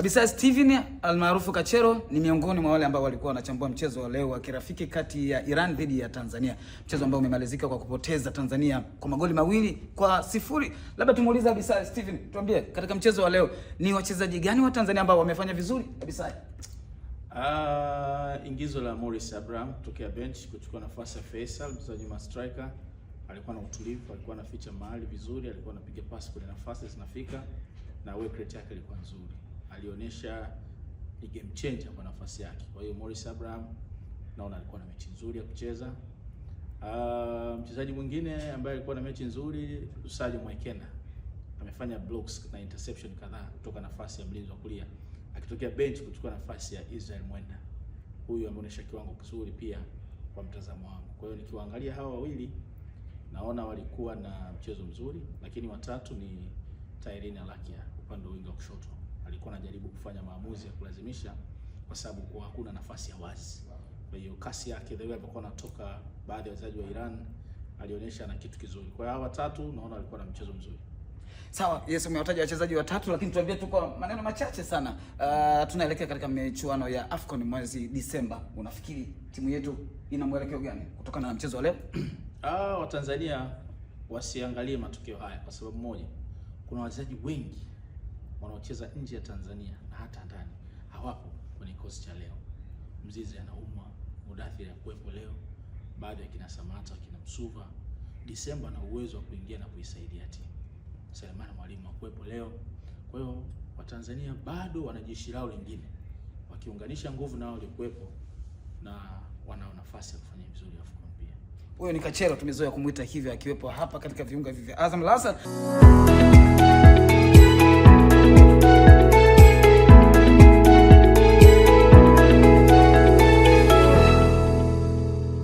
Kabisa, Steven almaarufu Kachero ni miongoni mwa wale ambao walikuwa wanachambua mchezo wa leo wa kirafiki kati ya Iran dhidi ya Tanzania, mchezo ambao umemalizika kwa kupoteza Tanzania kwa magoli mawili kwa sifuri. Labda tumuulize Kabisa Steven, tuambie katika mchezo wa leo ni wachezaji gani wa Tanzania ambao wamefanya vizuri Abisa? Uh, ah, ingizo la Morris Abraham tokea bench kuchukua nafasi ya Faisal, mchezaji ma striker, alikuwa na utulivu, alikuwa anaficha mahali vizuri, alikuwa anapiga pasi kwenye nafasi zinafika na work rate yake ilikuwa nzuri alionyesha ni game changer kwa nafasi yake. Kwa hiyo Morris Abraham naona alikuwa na mechi nzuri ya kucheza. Uh, mchezaji mwingine ambaye alikuwa na mechi nzuri Sadio Mwekena amefanya blocks na interception kadhaa kutoka nafasi ya mlinzi wa kulia akitokea bench kuchukua nafasi ya Israel Mwenda. Huyu ameonyesha kiwango kizuri pia kwa mtazamo wangu. Kwa hiyo nikiwaangalia hawa wawili naona walikuwa na mchezo mzuri, lakini watatu ni Tairina Lakia upande wa winga kushoto alikuwa anajaribu kufanya maamuzi ya kulazimisha kwa sababu kwa hakuna nafasi ya wazi. Kwa hiyo kasi yake the way alikuwa anatoka baadhi ya wachezaji wa Iran alionyesha na kitu kizuri. Kwa hiyo hawa watatu naona walikuwa na mchezo mzuri. Sawa, yes, umewataja wachezaji watatu, lakini tuambie tu kwa maneno machache sana. Uh, tunaelekea katika michuano ya AFCON mwezi Disemba, unafikiri timu yetu ina mwelekeo gani kutokana na mchezo wa leo? Ah, Watanzania wasiangalie matokeo haya kwa sababu moja, kuna wachezaji wengi wanaocheza nje ya Tanzania na hata ndani hawapo kwenye kikosi cha leo. Mzizi anaumwa, Mudathiri akuwepo leo, baadhi ya kina Samata, kina Msuva. Disemba ana uwezo wa kuingia na kuisaidia timu. Selemani Mwalimu akuwepo leo. Kwa hiyo Watanzania bado wana jeshi lao lingine, wakiunganisha nguvu nao walikuwepo na wanao nafasi ya kufanya vizuri AFCON pia. Huyo ni Kachero tumezoea kumwita hivyo akiwepo hapa katika viunga hivi vya Azam Lasa.